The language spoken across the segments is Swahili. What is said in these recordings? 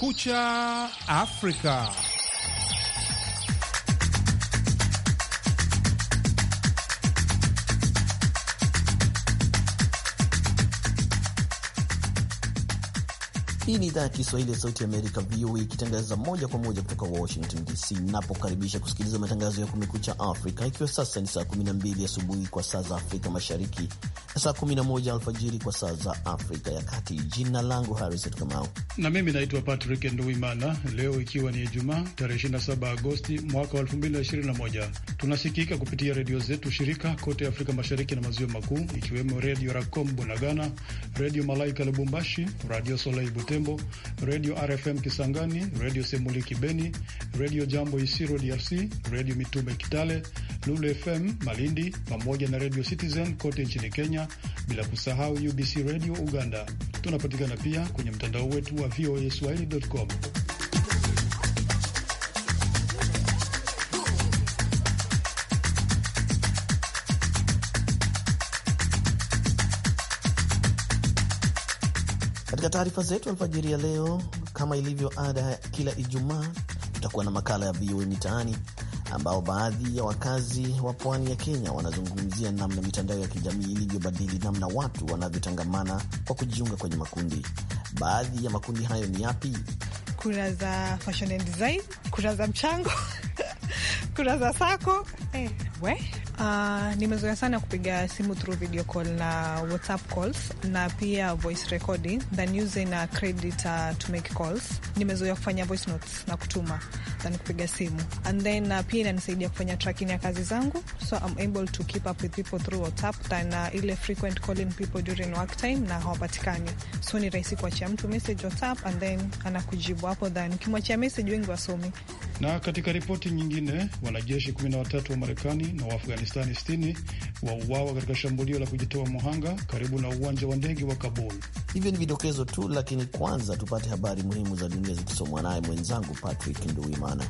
Kumekucha Afrika. Hii ni idhaa ya Kiswahili ya Sauti Amerika, VOA, ikitangaza moja kwa moja kutoka Washington DC napokaribisha kusikiliza matangazo ya Kumekucha Afrika, ikiwa sasa ni saa 12 asubuhi kwa saa za Afrika Mashariki na saa 11 alfajiri kwa saa za Afrika ya Kati. Jina langu Harrison Kamau na mimi naitwa Patrick Nduimana. Leo ikiwa ni Ijumaa tarehe 27 Agosti mwaka wa 2021, tunasikika kupitia redio zetu shirika kote Afrika Mashariki na Maziwa Makuu, ikiwemo Redio Racom Bunagana, Redio Malaika Lubumbashi, Radio Solei Butembo, Butembo, Redio RFM Kisangani, Redio Semuliki Beni, Redio Jambo Isiro DRC, Redio Mitume Kitale, Lulu FM Malindi pamoja na Redio Citizen kote nchini Kenya, bila kusahau UBC Redio Uganda. Tunapatikana pia kwenye mtandao wetu wa VOA swahili.com. Katika taarifa zetu alfajiri ya leo, kama ilivyo ada kila Ijumaa, tutakuwa na makala ya VOA Mitaani ambao baadhi ya wakazi wa pwani ya Kenya wanazungumzia namna mitandao ya kijamii ilivyobadili namna watu wanavyotangamana kwa kujiunga kwenye makundi. Baadhi ya makundi hayo ni yapi? Kura za fashion and design, kura za mchango kura za sako eh, we Uh, nimezoea sana kupiga simu through video call na WhatsApp calls na pia voice recording than using a uh, to make calls. Nimezoea kufanya voice notes na kutuma than kupiga simu and then uh, pia inanisaidia kufanya tracking ya kazi zangu so I'm able to keep up with people through WhatsApp than uh, ile frequent calling people during work time na hawapatikani, so ni rahisi kuachia mtu message WhatsApp and then anakujibu hapo than ukimwachia message wengi wasomi na katika ripoti nyingine, wanajeshi 13 wa Marekani na Waafghanistani 60 wauawa katika shambulio la kujitoa muhanga karibu na uwanja wa ndege wa Kabul. Hivyo ni vidokezo tu, lakini kwanza tupate habari muhimu za dunia zikisomwa naye mwenzangu Patrick nduimana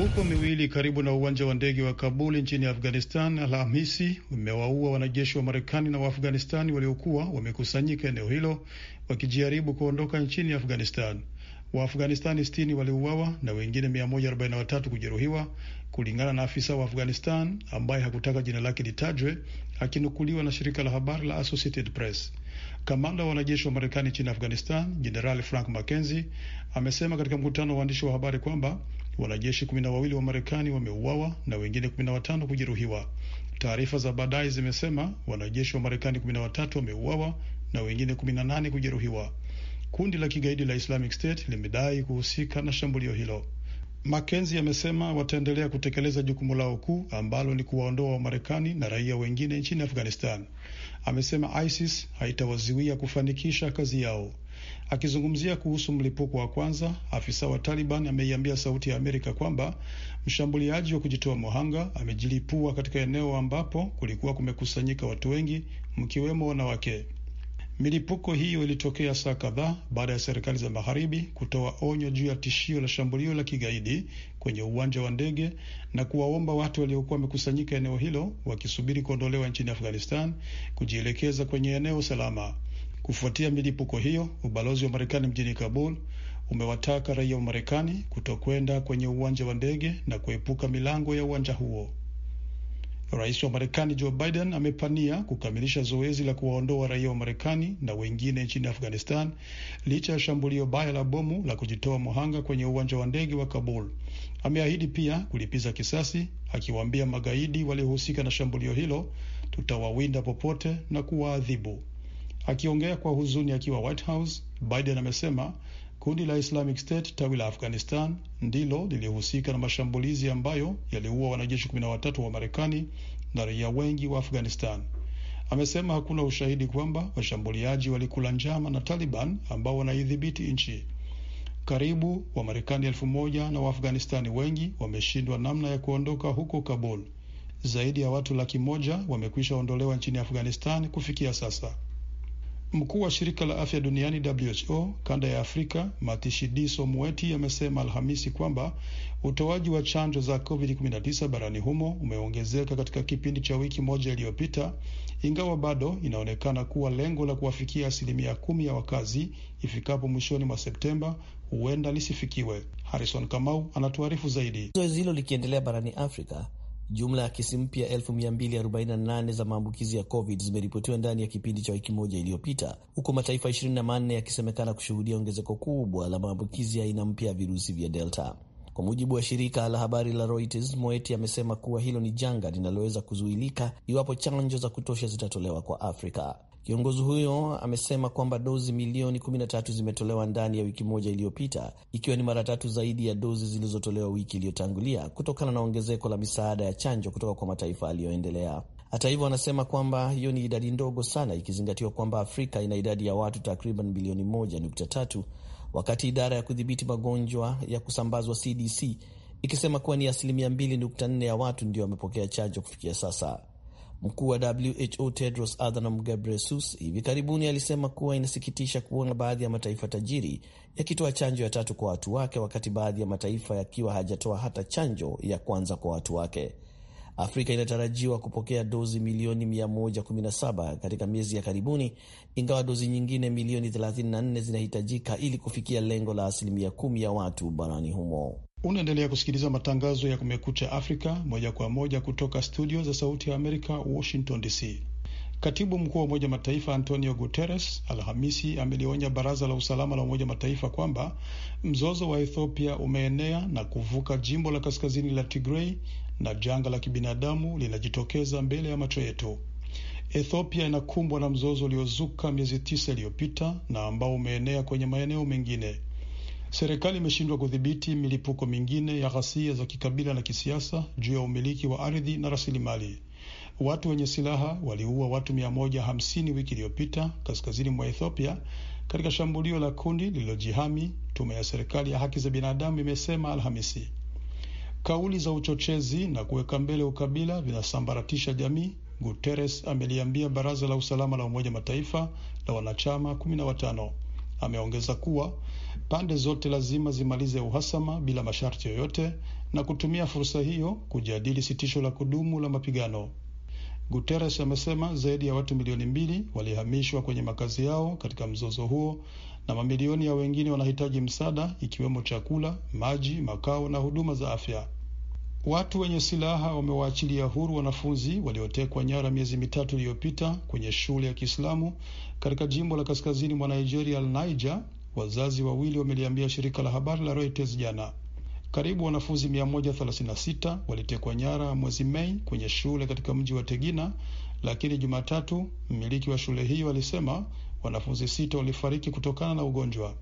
Milipuko miwili karibu na uwanja wa ndege wa Kabuli nchini Afghanistan Alhamisi umewaua wanajeshi wa Marekani na Waafghanistani waliokuwa wamekusanyika eneo hilo wakijaribu kuondoka nchini Afghanistan. Waafghanistani sitini waliuawa na wengine 143 kujeruhiwa, kulingana na afisa wa Afghanistan ambaye hakutaka jina lake litajwe, akinukuliwa na shirika la habari la Associated Press. Kamanda wa wanajeshi wa Marekani nchini Afghanistan Jenerali Frank McKenzie amesema katika mkutano wa waandishi wa habari kwamba Wanajeshi kumi na wawili wa Marekani wameuawa na wengine kumi na watano kujeruhiwa. Taarifa za baadaye zimesema wanajeshi wa Marekani kumi na watatu wameuawa na wengine kumi na nane kujeruhiwa. Kundi la kigaidi la Islamic State limedai kuhusika na shambulio hilo. Makenzi amesema wataendelea kutekeleza jukumu lao kuu ambalo ni kuwaondoa Wamarekani na raia wengine nchini Afghanistan. Amesema ISIS haitawaziwia kufanikisha kazi yao. Akizungumzia kuhusu mlipuko wa kwanza, afisa wa Taliban ameiambia Sauti ya Amerika kwamba mshambuliaji wa kujitoa mohanga amejilipua katika eneo ambapo kulikuwa kumekusanyika watu wengi, mkiwemo wanawake. Milipuko hiyo ilitokea saa kadhaa baada ya serikali za magharibi kutoa onyo juu ya tishio la shambulio la kigaidi kwenye uwanja wa ndege na kuwaomba watu waliokuwa wamekusanyika eneo hilo wakisubiri kuondolewa nchini Afghanistan kujielekeza kwenye eneo salama. Kufuatia milipuko hiyo, ubalozi wa Marekani mjini Kabul umewataka raia wa Marekani kutokwenda kwenye uwanja wa ndege na kuepuka milango ya uwanja huo. Rais wa Marekani Joe Biden amepania kukamilisha zoezi la kuwaondoa raia wa Marekani na wengine nchini Afghanistan licha ya shambulio baya la bomu la kujitoa muhanga kwenye uwanja wa ndege wa Kabul. Ameahidi pia kulipiza kisasi, akiwaambia magaidi waliohusika na shambulio hilo, tutawawinda popote na kuwaadhibu. Akiongea kwa huzuni akiwa White House, Biden amesema kundi la Islamic State tawi la Afghanistan ndilo lilihusika na mashambulizi ambayo yaliua wanajeshi 13 wa Marekani na raia wengi wa Afghanistan. Amesema hakuna ushahidi kwamba washambuliaji walikula njama na Taliban ambao wanaidhibiti nchi. Karibu Wamarekani elfu moja na Waafghanistani wengi wameshindwa namna ya kuondoka huko Kabul. Zaidi ya watu laki moja wamekwisha ondolewa nchini Afghanistan kufikia sasa. Mkuu wa shirika la afya duniani WHO kanda ya Afrika Matshidiso Moeti amesema Alhamisi kwamba utoaji wa chanjo za COVID-19 barani humo umeongezeka katika kipindi cha wiki moja iliyopita, ingawa bado inaonekana kuwa lengo la kuwafikia asilimia kumi ya wakazi ifikapo mwishoni mwa Septemba huenda lisifikiwe. Harrison Kamau anatuarifu zaidi. Zoezi hilo likiendelea barani Afrika, Jumla ya kesi mpya 248 za maambukizi ya COVID zimeripotiwa ndani ya kipindi cha wiki moja iliyopita, huku mataifa 24 yakisemekana kushuhudia ongezeko kubwa la maambukizi ya aina mpya ya virusi vya Delta. Kwa mujibu wa shirika la habari la Reuters, Moeti amesema kuwa hilo ni janga linaloweza kuzuilika iwapo chanjo za kutosha zitatolewa kwa Afrika. Kiongozi huyo amesema kwamba dozi milioni 13 zimetolewa ndani ya wiki moja iliyopita, ikiwa ni mara tatu zaidi ya dozi zilizotolewa wiki iliyotangulia kutokana na ongezeko la misaada ya chanjo kutoka kwa mataifa yaliyoendelea. Hata hivyo, anasema kwamba hiyo ni idadi ndogo sana ikizingatiwa kwamba Afrika ina idadi ya watu takriban bilioni 1.3 wakati idara ya kudhibiti magonjwa ya kusambazwa CDC ikisema kuwa ni asilimia 2.4 ya watu ndio wamepokea chanjo kufikia sasa. Mkuu wa WHO Tedros Adhanom Ghebreyesus hivi karibuni alisema kuwa inasikitisha kuona baadhi ya mataifa tajiri yakitoa chanjo ya tatu kwa watu wake wakati baadhi ya mataifa yakiwa hajatoa hata chanjo ya kwanza kwa watu wake. Afrika inatarajiwa kupokea dozi milioni 117 katika miezi ya karibuni, ingawa dozi nyingine milioni 34 zinahitajika ili kufikia lengo la asilimia kumi ya watu barani humo. Unaendelea kusikiliza matangazo ya Kumekucha Afrika moja kwa moja kutoka studio za Sauti ya Amerika, Washington DC. Katibu mkuu wa Umoja Mataifa Antonio Guterres Alhamisi amelionya Baraza la Usalama la Umoja Mataifa kwamba mzozo wa Ethiopia umeenea na kuvuka jimbo la kaskazini la Tigrei na janga la kibinadamu linajitokeza mbele ya macho yetu. Ethiopia inakumbwa na mzozo uliozuka miezi tisa iliyopita na ambao umeenea kwenye maeneo mengine. Serikali imeshindwa kudhibiti milipuko mingine ya ghasia za kikabila na kisiasa juu ya umiliki wa ardhi na rasilimali. Watu wenye silaha waliua watu 150 wiki iliyopita kaskazini mwa Ethiopia katika shambulio la kundi lililojihami, tume ya serikali ya haki za binadamu imesema Alhamisi. Kauli za uchochezi na kuweka mbele ukabila vinasambaratisha jamii, Guterres ameliambia baraza la usalama la Umoja Mataifa la wanachama 15. Ameongeza kuwa Pande zote lazima zimalize uhasama bila masharti yoyote na kutumia fursa hiyo kujadili sitisho la kudumu la mapigano. Guterres amesema zaidi ya watu milioni mbili walihamishwa kwenye makazi yao katika mzozo huo na mamilioni ya wengine wanahitaji msaada ikiwemo chakula, maji, makao na huduma za afya. Watu wenye silaha wamewaachilia huru wanafunzi waliotekwa nyara miezi mitatu iliyopita kwenye shule ya Kiislamu katika jimbo la kaskazini mwa Nigeria la Niger wazazi wawili wameliambia shirika la habari la Reuters jana. Karibu wanafunzi 136 walitekwa nyara mwezi Mei kwenye shule katika mji wa Tegina, lakini Jumatatu mmiliki wa shule hiyo alisema wanafunzi sita walifariki kutokana na ugonjwa.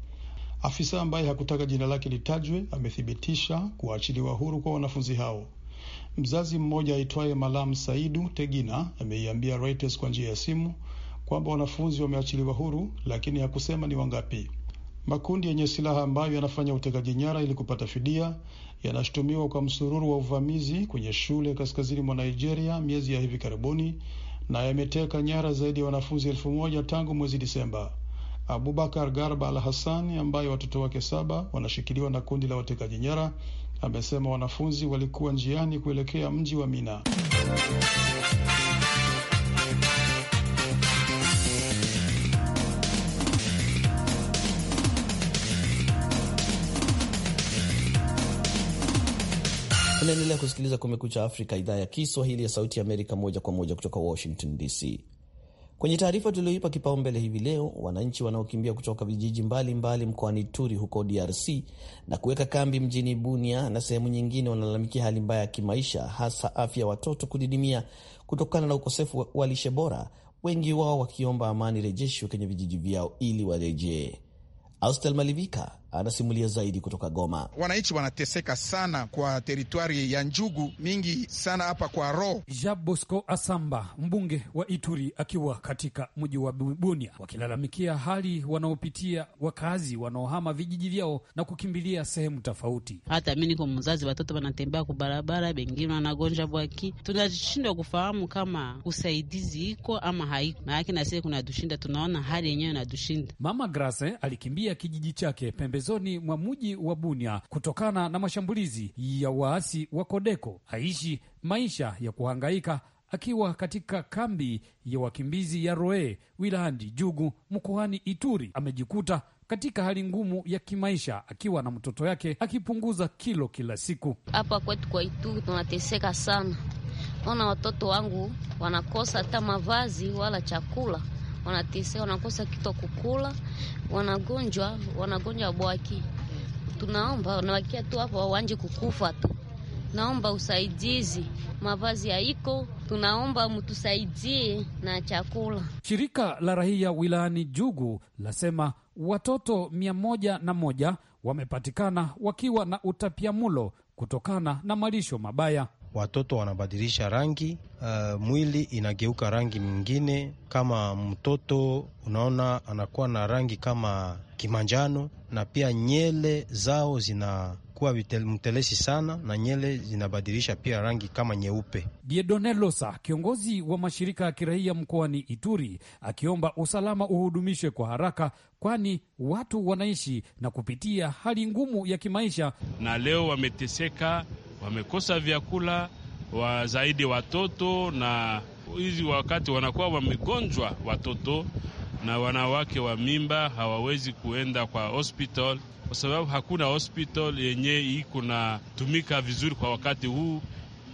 Afisa ambaye hakutaka jina lake litajwe amethibitisha kuachiliwa huru kwa wanafunzi hao. Mzazi mmoja aitwaye Malam Saidu Tegina ameiambia Reuters kwa njia ya simu kwamba wanafunzi wameachiliwa huru, lakini hakusema ni wangapi. Makundi yenye silaha ambayo yanafanya utekaji nyara ili kupata fidia yanashutumiwa kwa msururu wa uvamizi kwenye shule kaskazini mwa Nigeria miezi ya hivi karibuni na yameteka nyara zaidi ya wanafunzi elfu moja tangu mwezi Disemba. Abubakar Garba Al Hasani, ambaye watoto wake saba wanashikiliwa na kundi la watekaji nyara, amesema wanafunzi walikuwa njiani kuelekea mji wa Mina. Unaendelea kusikiliza Kumekucha Afrika, idhaa ya Kiswahili ya Sauti ya Amerika, moja kwa moja kutoka Washington DC. Kwenye taarifa tulioipa kipaumbele hivi leo, wananchi wanaokimbia kutoka vijiji mbalimbali mkoani Turi huko DRC na kuweka kambi mjini Bunia na sehemu nyingine wanalalamikia hali mbaya ya kimaisha, hasa afya ya watoto kudidimia kutokana na ukosefu wa lishe bora, wengi wao wakiomba amani rejeshwe kwenye vijiji vyao ili warejee. Austel Malivika anasimulia zaidi kutoka Goma. Wananchi wanateseka sana kwa teritwari ya njugu mingi sana hapa kwa ro ja Bosco Asamba, mbunge wa Ituri, akiwa katika mji wa Bunia, wakilalamikia hali wanaopitia wakazi wanaohama vijiji vyao na kukimbilia sehemu tofauti. Hata mi niko mzazi, watoto wanatembea kubarabara, bengine wanagonja bwaki, tunashindwa kufahamu kama usaidizi iko ama haiko, maanake nasie kunatushinda, tunaona hali yenyewe inadushinda Mama Grace alikimbia kijiji chake pembe pembezoni mwa mji wa Bunia kutokana na mashambulizi ya waasi wa Kodeko aishi maisha ya kuhangaika akiwa katika kambi ya wakimbizi ya Roe wilayani Jugu mkoani Ituri. Amejikuta katika hali ngumu ya kimaisha akiwa na mtoto yake akipunguza kilo kila siku. Hapa kwetu kwa Ituri tunateseka sana, ona watoto wangu wanakosa hata mavazi wala chakula wanateseka, wanakosa kitu kukula, wanagonjwa, wanagonjwa bwaki. Tunaomba wanawakia tu hapo, wanje kukufa tu. Naomba usaidizi, mavazi haiko, tunaomba mtusaidie na chakula. Shirika la rahia wilayani Jugu lasema watoto mia moja na moja wamepatikana wakiwa na utapiamulo kutokana na malisho mabaya watoto wanabadilisha rangi, uh, mwili inageuka rangi mwingine. Kama mtoto unaona anakuwa na rangi kama kimanjano, na pia nyele zao zinakuwa mtelesi sana, na nyele zinabadilisha pia rangi kama nyeupe. Diedone Losa, kiongozi wa mashirika ya kiraia mkoani Ituri, akiomba usalama uhudumishwe kwa haraka, kwani watu wanaishi na kupitia hali ngumu ya kimaisha, na leo wameteseka wamekosa vyakula wa zaidi watoto na hizi wakati wanakuwa wamegonjwa watoto na wanawake wa mimba hawawezi kuenda kwa hospital kwa sababu hakuna hospital yenye iko na tumika vizuri kwa wakati huu.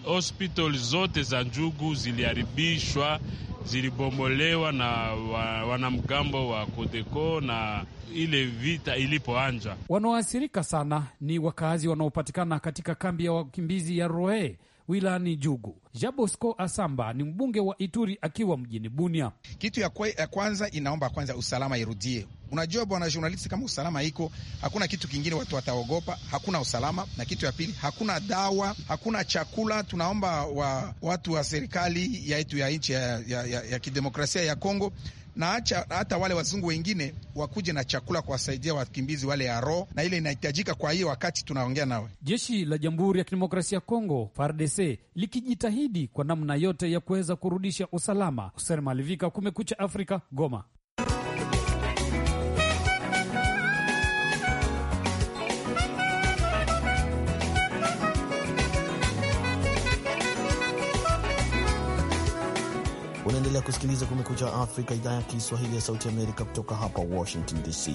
Hospital zote za njugu ziliharibishwa, zilibomolewa na wa, wanamgambo wa Kodeko na ile vita ilipoanza. Wanaoathirika sana ni wakazi wanaopatikana katika kambi ya wakimbizi ya Roe wilani Jugu. Jabosco Asamba ni mbunge wa Ituri akiwa mjini Bunia. Kitu ya, ya kwanza inaomba kwanza usalama irudie. Unajua bwana journalist, kama usalama iko hakuna kitu kingine, watu wataogopa. Hakuna usalama. Na kitu ya pili, hakuna dawa, hakuna chakula. Tunaomba wa, watu wa serikali yetu ya nchi ya, ya, ya, ya kidemokrasia ya Kongo na acha hata wale wazungu wengine wakuje na chakula kuwasaidia wakimbizi wale ya roho, na ile inahitajika. Kwa hiyo wakati tunaongea nawe, jeshi la Jamhuri ya Kidemokrasia ya Kongo FARDC likijitahidi kwa namna yote ya kuweza kurudisha usalama. Hussein Malivika, Kumekucha Afrika, Goma. Unaendelea kusikiliza Kumekucha Afrika, idhaa ya Kiswahili ya Sauti Amerika, kutoka hapa Washington DC.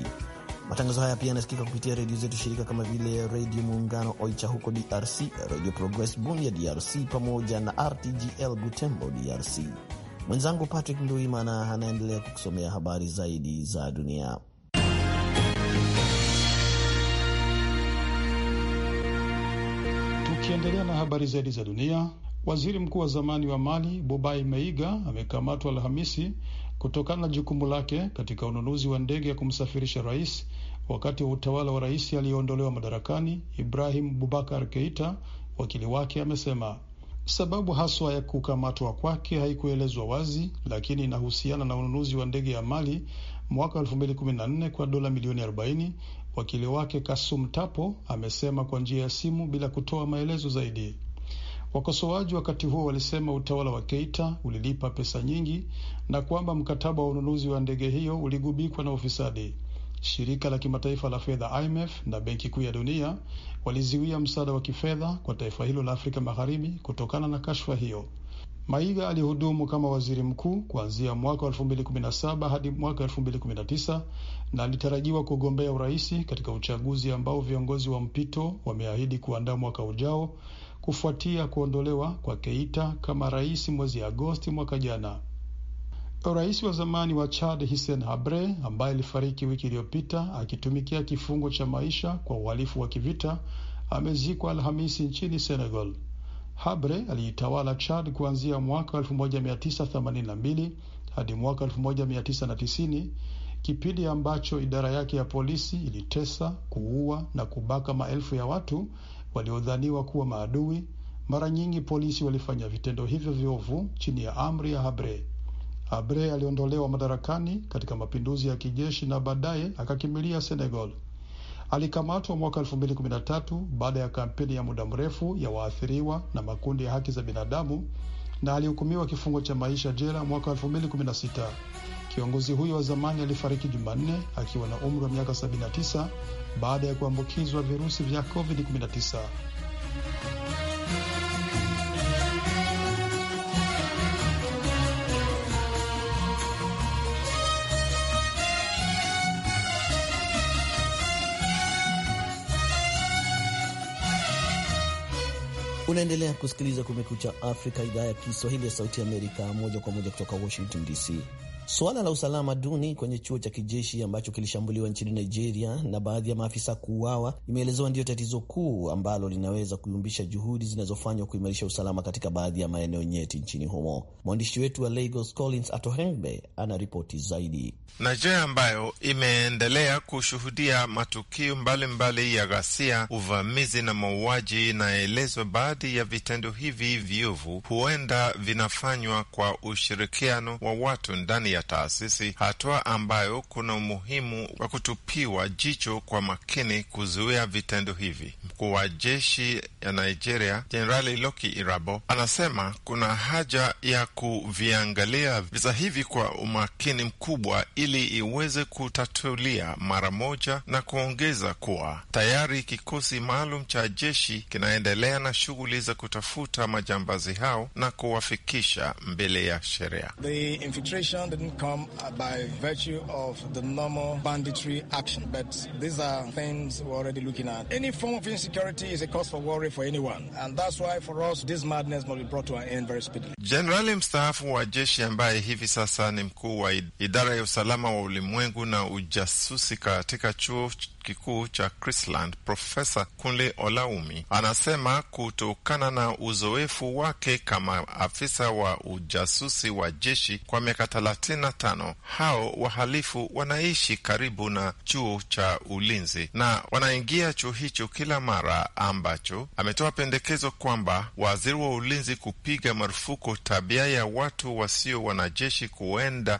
Matangazo haya pia yanasikika kupitia redio zetu shirika kama vile Redio Muungano Oicha huko DRC, Redio Progress Bunia DRC, pamoja na RTGL Butembo DRC. Mwenzangu Patrick Nduimana anaendelea kukusomea habari zaidi za dunia. Tukiendelea na habari zaidi za dunia, Waziri mkuu wa zamani wa Mali Bobai Meiga amekamatwa Alhamisi kutokana na jukumu lake katika ununuzi wa ndege ya kumsafirisha rais wakati wa utawala wa rais aliyeondolewa madarakani Ibrahim Bubakar Keita. Wakili wake amesema sababu haswa ya kukamatwa kwake haikuelezwa wazi, lakini inahusiana na ununuzi wa ndege ya Mali mwaka 2014 kwa dola milioni 40. Wakili wake Kasum Tapo amesema kwa njia ya simu bila kutoa maelezo zaidi. Wakosoaji wakati huo walisema utawala wa Keita ulilipa pesa nyingi na kwamba mkataba wa ununuzi wa ndege hiyo uligubikwa na ufisadi. Shirika la kimataifa la fedha IMF na Benki Kuu ya Dunia waliziwia msaada wa kifedha kwa taifa hilo la Afrika Magharibi kutokana na kashfa hiyo. Maiga alihudumu kama waziri mkuu kuanzia mwaka 2017 hadi mwaka 2019 na alitarajiwa kugombea uraisi katika uchaguzi ambao viongozi wa mpito wameahidi kuandaa mwaka ujao kufuatia kuondolewa kwa Keita kama rais mwezi Agosti mwaka jana. Rais wa zamani wa Chad Hissen Habre ambaye alifariki wiki iliyopita akitumikia kifungo cha maisha kwa uhalifu wa kivita amezikwa Alhamisi nchini Senegal. Habre aliitawala Chad kuanzia mwaka 1982 hadi mwaka 1990, kipindi ambacho idara yake ya polisi ilitesa, kuua na kubaka maelfu ya watu waliodhaniwa kuwa maadui. Mara nyingi polisi walifanya vitendo hivyo viovu chini ya amri ya Habre. Habre aliondolewa madarakani katika mapinduzi ya kijeshi na baadaye akakimbilia Senegal. Alikamatwa mwaka 2013 baada ya kampeni ya muda mrefu ya waathiriwa na makundi ya haki za binadamu na alihukumiwa kifungo cha maisha jela mwaka 2016. Kiongozi huyo wa zamani alifariki Jumanne akiwa na umri wa miaka 79 baada ya kuambukizwa virusi vya COVID-19. Unaendelea kusikiliza Kumekucha Afrika, idhaa ya Kiswahili ya Sauti Amerika, moja kwa moja kutoka Washington DC. Suala la usalama duni kwenye chuo cha kijeshi ambacho kilishambuliwa nchini Nigeria na baadhi ya maafisa kuuawa imeelezewa ndiyo tatizo kuu ambalo linaweza kuyumbisha juhudi zinazofanywa kuimarisha usalama katika baadhi ya maeneo nyeti nchini humo. Mwandishi wetu wa Lagos, Collins Atohengbe, ana ripoti zaidi. Nigeria ambayo imeendelea kushuhudia matukio mbalimbali mbali ya ghasia, uvamizi na mauaji, inaelezwa baadhi ya vitendo hivi viovu huenda vinafanywa kwa ushirikiano wa watu ndani ya ya taasisi, hatua ambayo kuna umuhimu wa kutupiwa jicho kwa makini kuzuia vitendo hivi. Mkuu wa jeshi ya Nigeria Jenerali Loki Irabo anasema kuna haja ya kuviangalia visa hivi kwa umakini mkubwa ili iweze kutatulia mara moja, na kuongeza kuwa tayari kikosi maalum cha jeshi kinaendelea na shughuli za kutafuta majambazi hao na kuwafikisha mbele ya sheria. The infiltration, the didn't come by virtue of the normal banditry action, but these are things we're already looking at. Any form of insecurity is a cause for worry for anyone, and that's why for us this madness must be brought to an end very speedily. Jenerali mstaafu wa jeshi ambaye hivi sasa ni mkuu wa idara ya usalama wa ulimwengu na ujasusi katika chuo kikuu cha Chrisland, Profesa Kunle Olaumi anasema kutokana na uzoefu wake kama afisa wa ujasusi wa jeshi kwa miaka thelathini thelathini Hao wahalifu wanaishi karibu na chuo cha ulinzi na wanaingia chuo hicho kila mara, ambacho ametoa pendekezo kwamba waziri wa ulinzi kupiga marufuku tabia ya watu wasio wanajeshi kuenda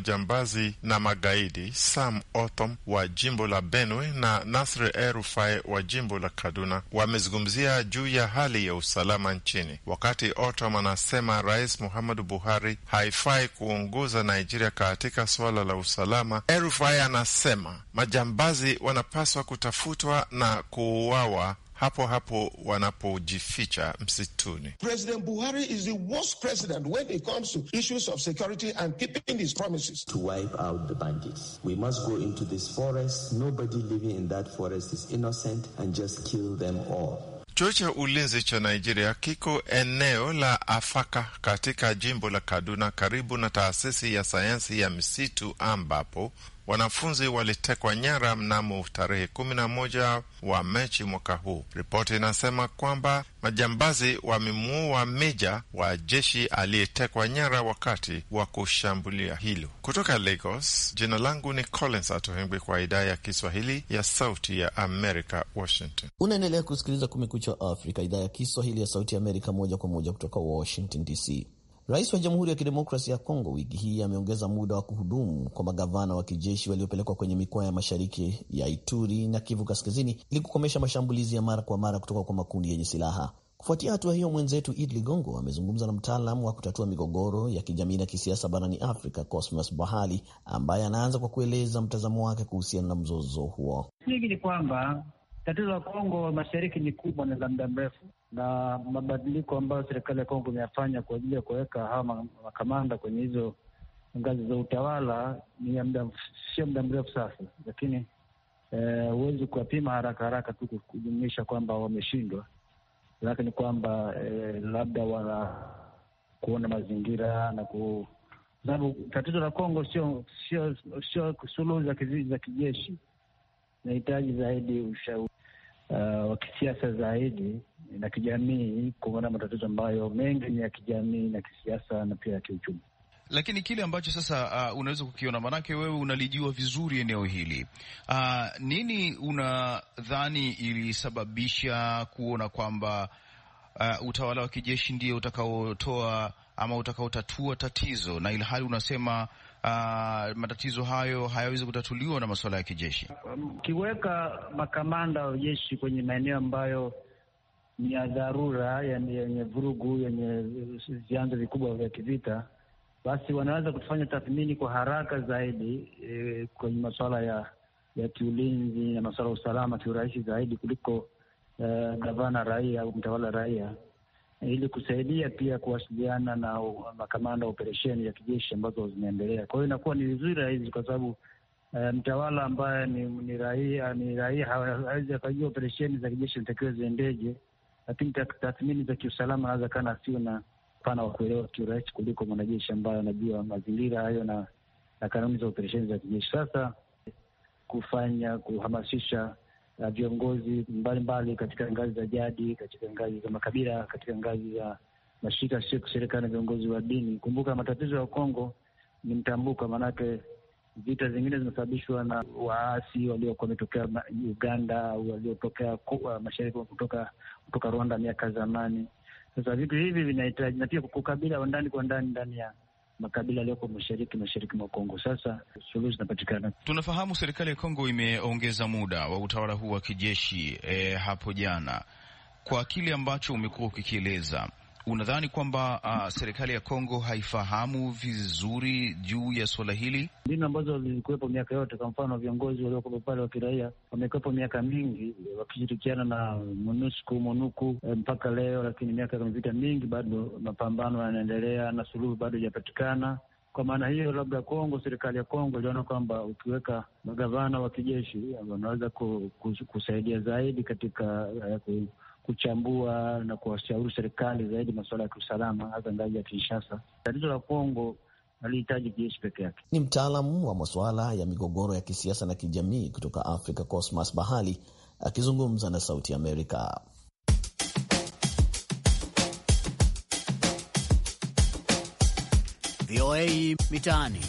majambazi na magaidi Sam otom wa jimbo la Benue na Nasri Erufai wa jimbo la Kaduna wamezungumzia juu ya hali ya usalama nchini, wakati Otom anasema Rais Muhammadu Buhari haifai kuongoza Nigeria katika suala la usalama. Erufai anasema majambazi wanapaswa kutafutwa na kuuawa hapo hapo wanapojificha msituni. President Buhari is the worst president when it comes to issues of security and keeping his promises. To wipe out the bandits. We must go into this forest. Nobody living in that forest is innocent and just kill them all. Chuo cha ulinzi cha Nigeria kiko eneo la Afaka katika jimbo la Kaduna, karibu na taasisi ya sayansi ya misitu ambapo wanafunzi walitekwa nyara mnamo tarehe kumi na moja wa mechi mwaka huu. Ripoti inasema kwamba majambazi wamemuua meja wa jeshi aliyetekwa nyara wakati wa kushambulia hilo. Kutoka Lagos, jina langu ni Collins Atohengwi kwa idhaa ya Kiswahili ya Sauti ya Amerika, Washington. Unaendelea kusikiliza Kumekucha Afrika, idhaa ya Kiswahili ya Sauti ya Amerika, moja kwa moja kutoka Washington DC. Rais wa Jamhuri ya Kidemokrasia ya Kongo wiki hii ameongeza muda wa kuhudumu kwa magavana wa kijeshi waliopelekwa kwenye mikoa ya mashariki ya Ituri na Kivu Kaskazini ili kukomesha mashambulizi ya mara kwa mara kutoka kwa makundi yenye silaha. Kufuatia hatua hiyo, mwenzetu Id Ligongo amezungumza na mtaalamu wa kutatua migogoro ya kijamii na kisiasa barani Afrika, Cosmas Bahali, ambaye anaanza kwa kueleza mtazamo wake kuhusiana na mzozo huo. Hivi ni kwamba Tatizo la Kongo mashariki ni kubwa na za muda mrefu, na mabadiliko ambayo serikali ya Kongo imeyafanya kwa ajili ya kuweka hawa makamanda kwenye hizo ngazi za utawala ni sio muda mrefu sasa, lakini eh, huwezi e, kuwapima haraka haraka tu kujumuisha kwamba wameshindwa, lakini kwamba e, labda wana kuona mazingira na ku sababu tatizo la Kongo sio suluhu za kijeshi nahitaji zaidi ushauri uh, wa kisiasa zaidi na kijamii, kuona matatizo ambayo mengi ni ya kijamii na kisiasa na pia ya kiuchumi lakini kile ambacho sasa uh, unaweza kukiona, maanake wewe unalijua vizuri eneo hili uh, nini unadhani ilisababisha kuona kwamba uh, utawala wa kijeshi ndio utakaotoa ama utakaotatua tatizo, na ilhali unasema uh, matatizo hayo hayawezi kutatuliwa na masuala ya kijeshi. Um, ukiweka makamanda wa jeshi kwenye maeneo ambayo ni ya dharura, yenye vurugu, yenye vianzo vikubwa vya kivita, basi wanaweza kufanya tathmini kwa haraka zaidi e, kwenye masuala ya ya kiulinzi na masuala ya usalama kiurahisi zaidi kuliko eh, gavana uh, raia au mtawala raia ili kusaidia pia kuwasiliana na makamanda wa operesheni ya kijeshi ambazo zinaendelea. Kwa hiyo inakuwa ni vizuri hizi kwa sababu Uh, mtawala ambaye ni, ni raia ni raia hawezi akajua operesheni za kijeshi zinatakiwa ziendeje, lakini tathmini za kiusalama anaweza kana sio na pana wa kuelewa kiurahisi kuliko mwanajeshi ambaye anajua mazingira hayo na, na kanuni za operesheni za kijeshi. Sasa kufanya kuhamasisha na viongozi mbalimbali katika ngazi za jadi, katika ngazi za makabila, katika ngazi za mashirika sio kushirikana, na viongozi wa dini. Kumbuka matatizo ya Kongo ni mtambuka, maanake vita zingine zimesababishwa na waasi waliokuwa wametokea Uganda, waliotokea mashariki kutoka kutoka Rwanda miaka zamani. Sasa vitu hivi vinahitaji na pia kukabila ndani kwa ndani ndani ya makabila yaliyoko mashariki mashariki mwa Kongo. Sasa suluhu zinapatikana. Tunafahamu serikali ya Kongo imeongeza muda wa utawala huu wa kijeshi e, hapo jana kwa kile ambacho umekuwa ukikieleza unadhani kwamba uh, serikali ya Kongo haifahamu vizuri juu ya suala hili? Mbinu ambazo zilikuwepo miaka yote, kwa mfano viongozi waliokuwepo pale wa kiraia wamekuwepo miaka mingi wakishirikiana na MONUSCO MONUKU eh, mpaka leo, lakini miaka mivita mingi bado mapambano yanaendelea na suluhu bado haijapatikana. Kwa maana hiyo, labda Kongo, serikali ya Kongo iliona kwamba ukiweka magavana wa kijeshi wanaweza kusaidia zaidi katika uh, kuchambua na kuwashauri serikali zaidi masuala ya kiusalama, hasa ngazi ya Kinshasa. Tatizo la Kongo alihitaji jeshi peke yake. Ni mtaalamu wa masuala ya migogoro ya kisiasa na kijamii kutoka Africa, Cosmas Bahali akizungumza na Sauti Amerika. VOA Mitaani.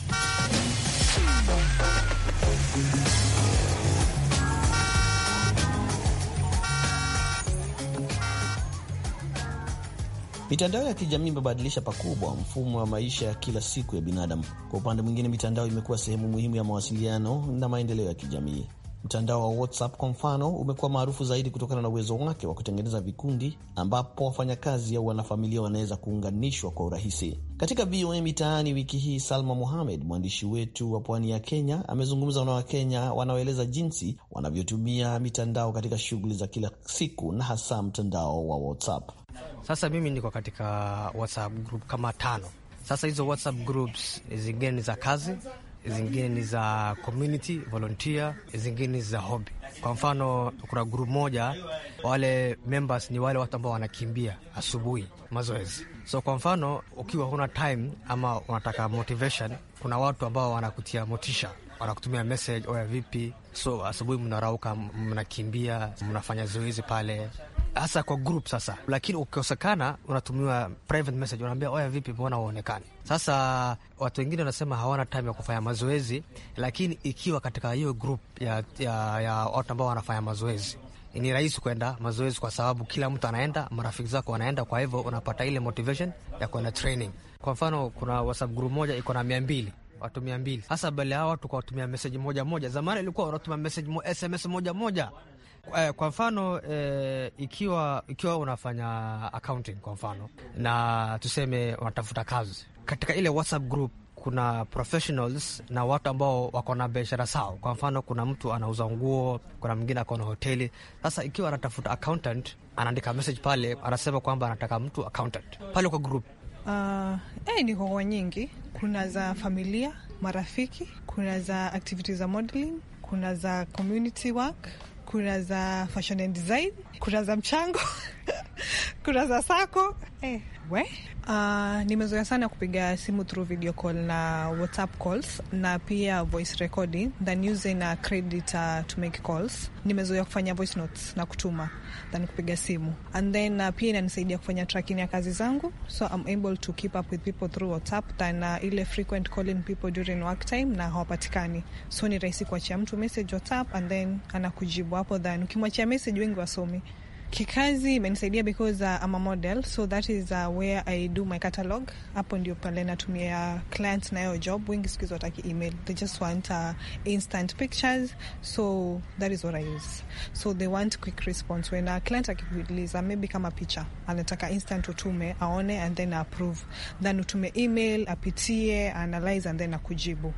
Mitandao ya kijamii imebadilisha pakubwa mfumo wa maisha ya kila siku ya binadamu. Kwa upande mwingine, mitandao imekuwa sehemu muhimu ya mawasiliano na maendeleo ya kijamii. Mtandao wa WhatsApp kwa mfano umekuwa maarufu zaidi kutokana na uwezo wake wa kutengeneza vikundi ambapo wafanyakazi au wanafamilia wanaweza kuunganishwa kwa urahisi. Katika VOA Mitaani wiki hii, Salma Mohamed, mwandishi wetu wa pwani ya Kenya, amezungumza na Wakenya wanaoeleza jinsi wanavyotumia mitandao katika shughuli za kila siku na hasa mtandao wa WhatsApp. Sasa mimi niko katika WhatsApp group kama tano. Sasa hizo WhatsApp groups zingine ni za kazi, zingine ni za community volunteer, zingine ni za hobby. Kwa mfano, kuna group moja wale members ni wale watu ambao wanakimbia asubuhi mazoezi. So kwa mfano, ukiwa huna time ama unataka motivation, kuna watu ambao wanakutia motisha wanakutumia message oya, vipi? So asubuhi mnarauka, mnakimbia, mnafanya zoezi pale hasa kwa group sasa, lakini ukikosekana unatumiwa private message, unaambia oya, vipi, mbona waonekani? Sasa watu wengine wanasema hawana time ya kufanya mazoezi, lakini ikiwa katika hiyo group ya, ya, ya watu ambao wanafanya mazoezi ni rahisi kwenda mazoezi kwa sababu kila mtu anaenda, marafiki zako wanaenda, kwa hivyo unapata ile motivation ya kwenda training. Kwa mfano, kuna WhatsApp group moja iko na mia mbili watu mia mbili hasa bale hawa watu kwa watumia meseji moja moja. Zamani ilikuwa wanatumia meseji SMS moja moja Eh, kwa mfano e, ikiwa ikiwa unafanya accounting kwa mfano, na tuseme unatafuta kazi katika ile WhatsApp group kuna professionals na watu ambao wako na biashara sawa. Kwa mfano, kuna mtu anauza nguo, kuna mwingine ako na hoteli. Sasa ikiwa anatafuta accountant, anaandika message pale, anasema kwamba anataka mtu accountant pale kwa group. Uh, eh, ni hoho nyingi. Kuna za familia, marafiki, kuna za activities za modeling, kuna za community work kura za fashion and design, kura za mchango kura za sako eh. We uh, nimezoea sana kupiga simu through video call na whatsapp calls na pia voice recording than using na credit uh, to make calls. Nimezoea kufanya voice notes na kutuma than kupiga simu and then uh, pia inanisaidia kufanya tracking ya kazi zangu, so I'm able to keep up with people through whatsapp than uh, ile frequent calling people during work time na hawapatikani, so ni rahisi kuachia mtu message whatsapp and then anakujibu hapo than ukimwachia message wengi wasomi Kikazi imenisaidia because uh, I'm a model so that is uh, where I do my catalog. Hapo ndio pale natumia clients nayo job wengi siku hizi wataki email. They just want uh, instant pictures so that is what I use. So they want quick response when a client akikuuliza maybe kama picha anataka instant utume aone and then approve. Then utume email apitie, analyze and then akujibu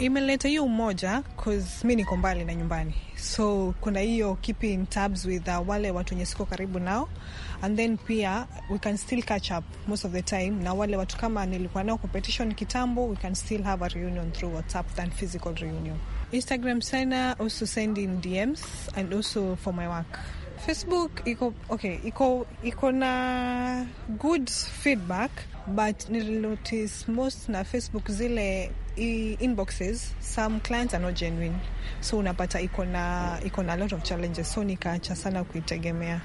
imeleta hiyo umoja cause mi niko mbali na nyumbani, so kuna hiyo keeping tabs with uh, wale watu wenye siko karibu nao, and then pia we can still catch up most of the time na wale watu kama nilikuwa nao competition kitambo, we can still have a reunion through WhatsApp than physical reunion. Instagram sana, also send DMs and also for my work. Facebook iko okay, iko iko na good feedback but nilinotice most na Facebook zile inboxes some clients are not genuine, so unapata iko na iko na lot of challenges, so nikaacha sana kuitegemea.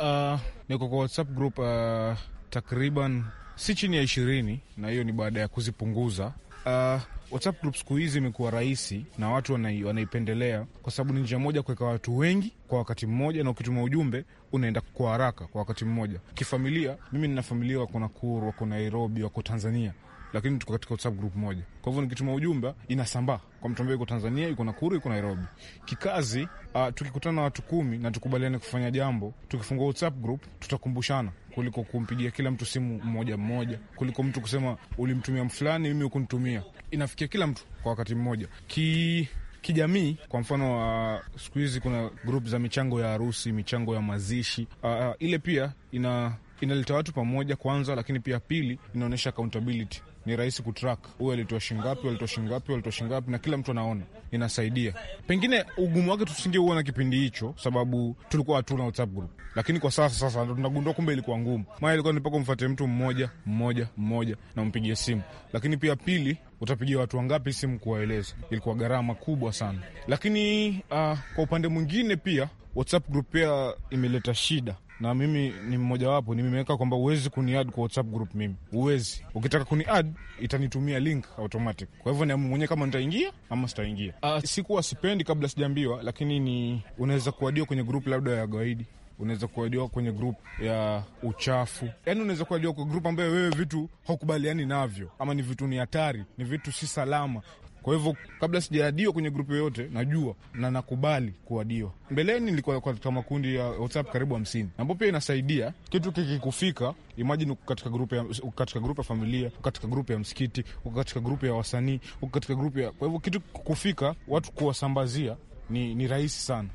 Uh, niko kwa WhatsApp group uh, takriban si chini ya ishirini, na hiyo ni baada ya kuzipunguza uh, WhatsApp group siku hizi imekuwa rahisi na watu wanaipendelea kwa sababu ni njia moja kuweka watu wengi kwa wakati mmoja, na ukituma ujumbe unaenda kwa haraka kwa wakati mmoja. Kifamilia, mimi nina familia wako Nakuru, wako Nairobi, wako Tanzania, lakini tuko katika WhatsApp group moja. Kwa hivyo nikituma ujumbe inasambaa kwa mtu ambaye yuko Tanzania, yuko Nakuru, yuko Nairobi. Kikazi uh, tukikutana na watu kumi na tukubaliane kufanya jambo, tukifungua WhatsApp group tutakumbushana kuliko kumpigia kila mtu simu mmoja mmoja, kuliko mtu kusema ulimtumia mfulani, mimi hukunitumia. Inafikia kila mtu kwa wakati mmoja ki kijamii kwa mfano uh, siku hizi kuna grup za michango ya harusi, michango ya mazishi uh, uh, ile pia ina inaleta watu pamoja kwanza, lakini pia pili, inaonyesha accountability ni rahisi kutrack, huyu alitoa shingapi, alitoa shingapi, alitoa shingapi, na kila mtu anaona. Inasaidia pengine ugumu wake tusingeuona kipindi hicho, sababu tulikuwa hatuna WhatsApp group, lakini kwa sasa sasa ndo tunagundua kumbe ilikuwa ngumu. Maana ilikuwa nipaka umfuatie mtu mmoja mmoja mmoja na umpigie simu, lakini pia pili utapigia watu wangapi simu kuwaeleza, ilikuwa gharama kubwa sana. Lakini uh, kwa upande mwingine pia WhatsApp group pia imeleta shida na mimi ni mmojawapo, nimeweka kwamba huwezi kuniad kwa WhatsApp group mimi, huwezi. Ukitaka kuniad itanitumia link automatic, kwa hivyo ni mwenyewe kama nitaingia ama sitaingia. Uh, sikuwa sipendi kabla sijaambiwa, lakini ni unaweza kuadiwa kwenye group labda ya gaidi unaweza kuadiwa kwenye grup ya uchafu, yaani unaweza kuadiwa kwa grup ambayo wewe vitu haukubaliani navyo, ama ni vitu ni hatari, ni vitu si salama, kwa hivyo kabla sijaadiwa kwenye grupu yoyote, najua na nakubali kuadiwa. Mbeleni nilikuwa katika makundi ya WhatsApp karibu hamsini, ambao pia inasaidia kitu kikikufika. Imajini uko katika grupu ya, katika grupu ya familia, uko katika grupu ya msikiti, uko katika grupu ya wasanii, uko katika grupu ya, kwa hivyo kitu kikufika, watu kuwasambazia ni, ni rahisi sana.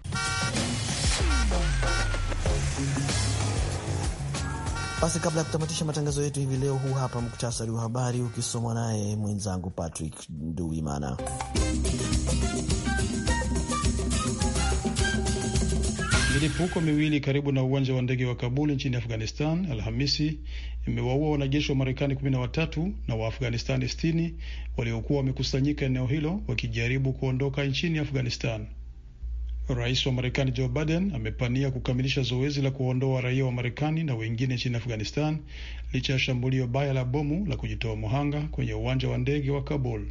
Basi kabla ya kutamatisha matangazo yetu hivi leo, huu hapa muktasari wa habari ukisomwa naye mwenzangu Patrick Nduwimana. Milipuko miwili karibu na uwanja wa ndege wa Kabul nchini Afghanistan Alhamisi imewaua wanajeshi wa Marekani kumi na watatu na Waafghanistani sitini waliokuwa wamekusanyika eneo hilo wakijaribu kuondoka nchini Afghanistan. Rais wa Marekani Joe Biden amepania kukamilisha zoezi la kuondoa raia wa Marekani na wengine nchini Afghanistan licha ya shambulio baya la bomu la kujitoa muhanga kwenye uwanja wa ndege wa Kabul.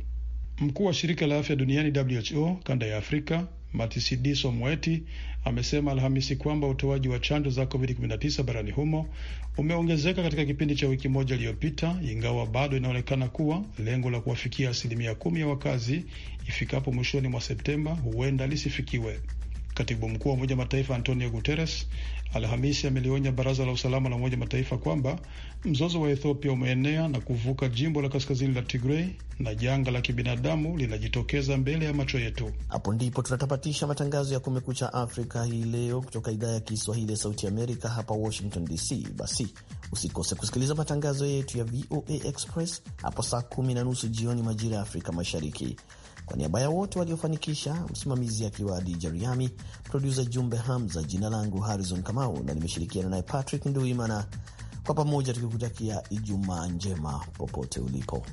Mkuu wa shirika la afya duniani WHO kanda ya Afrika Matshidiso somweti amesema Alhamisi kwamba utoaji wa chanjo za COVID-19 barani humo umeongezeka katika kipindi cha wiki moja iliyopita, ingawa bado inaonekana kuwa lengo la kuwafikia asilimia kumi ya wakazi ifikapo mwishoni mwa Septemba huenda lisifikiwe. Katibu mkuu wa Umoja wa Mataifa Antonio Guterres Alhamisi amelionya baraza la usalama la Umoja Mataifa kwamba mzozo wa Ethiopia umeenea na kuvuka jimbo la kaskazini la Tigrei na janga la kibinadamu linajitokeza mbele ya macho yetu. Hapo ndipo tunatapatisha matangazo ya Kumekucha Afrika hii leo kutoka idhaa ya Kiswahili ya Sauti Amerika hapa Washington DC. Basi usikose kusikiliza matangazo yetu ya VOA Express hapo saa kumi na nusu jioni majira ya Afrika Mashariki. Kwa niaba ya wote waliofanikisha, msimamizi akiwa Adi Jariami, produsa Jumbe Hamza, jina langu Harrison Kamau na nimeshirikiana naye Patrick Nduimana, kwa pamoja tukikutakia Ijumaa njema popote ulipo.